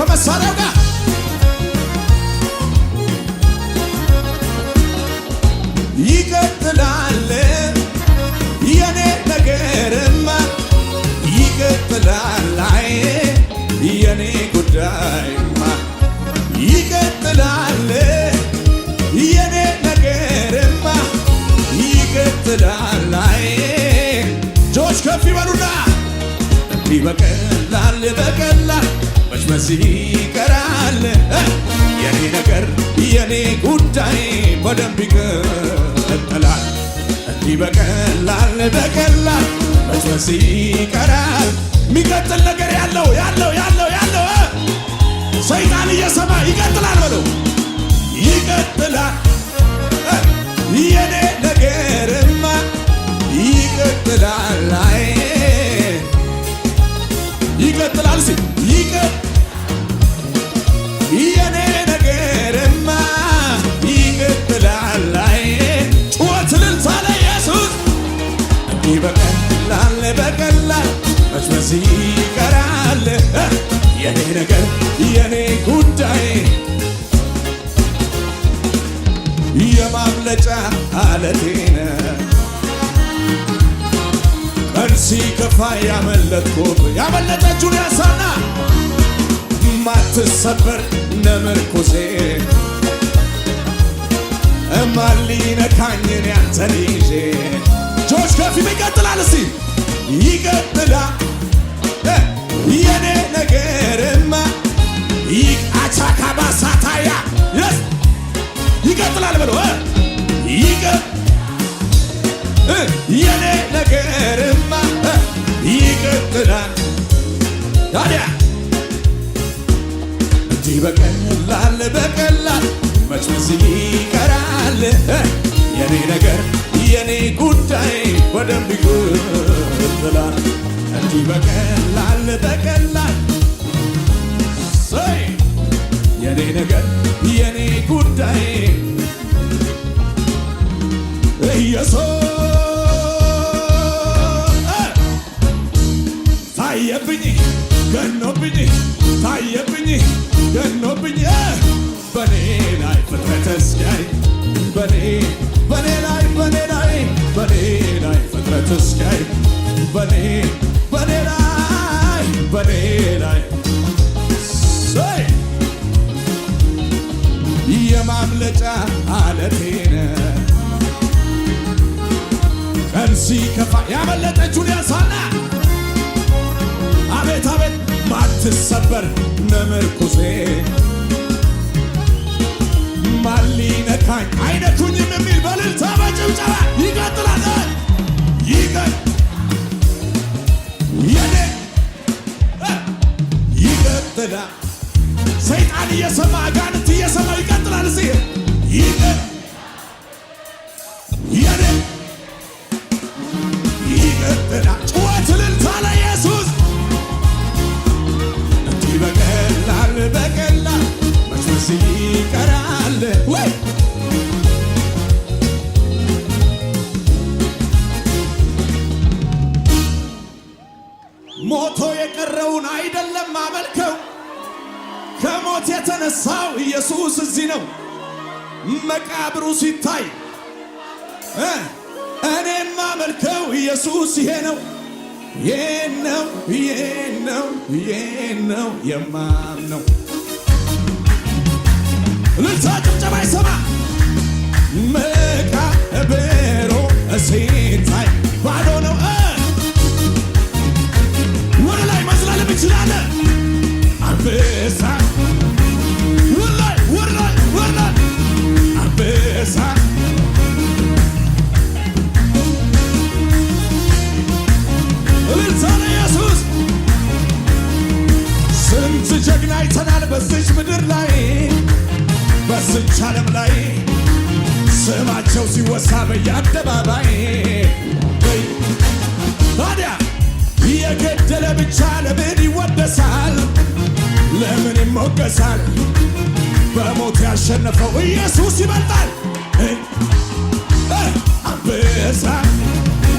ከመሳሪያው ጋር ይቀጥላል የኔ ነገርማ ይቀጥላል የኔ ጉዳይማ ይቀጥላል የኔ ነገርማ ይቀጥላል ጆች ከፍ ይበሉና እንዲህ ይበቀላል። በዚህ ይቀራል። የኔ ነገር የኔ ጉዳይ በደንብ ይቀጥላል። እንዲህ በቀላል በቀላል በዚህ ይቀራል። የሚቀጥል ነገር ያለው ያለው ያለው ያለው ሰይጣን እየሰማ ይቀጥላል በለው ይቀጥላል የኔ በዚህ ይቀራል የኔ ነገር የኔ ጉዳይ የማምለጫ አለቴነ ቀን ሲከፋ ያመለጥኩት ያመለጠችውን ያሳና ማትሰበር ነምርኩሴ እማሊነካኝን ያንተን ይዤ ጆች ከፊት ይቀጥላል እስቲ ይቀጥላል የኔ ነገርማ አቻካባሳታያ ይቀጥላል ብሎ የኔ ነገርማ ይቀጥላል ታዲያ እንዲህ በቀላል በቀላል መች በዚህ ይቀራል የኔ ነገር የኔ ጉዳይ በደንብ ይቀጥላል aí ማምለጫ አለቴነ ቀን ሲከፋ ያመለጠችውን ያሳና አቤት አቤት ማትሰበር ነምርኩሴ አይነቱኝም የሚል በልልታ በጭብጨባ የነበረውን አይደለም ማመልከው። ከሞት የተነሳው ኢየሱስ እዚህ ነው። መቃብሩ ሲታይ እኔም አመልከው ኢየሱስ ይሄ ነው ይሄ ነው ይሄ የማም ነው ጭብጨባ ይሰማ በዚች ዓለም ላይ ስማቸው ሲወሳ በየአደባባይ ታዲያ የገደለ ብቻ ለምን ይወደሳል? ለምን ይሞገሳል? በሞት ያሸነፈው ኢየሱስ ይበልጣል።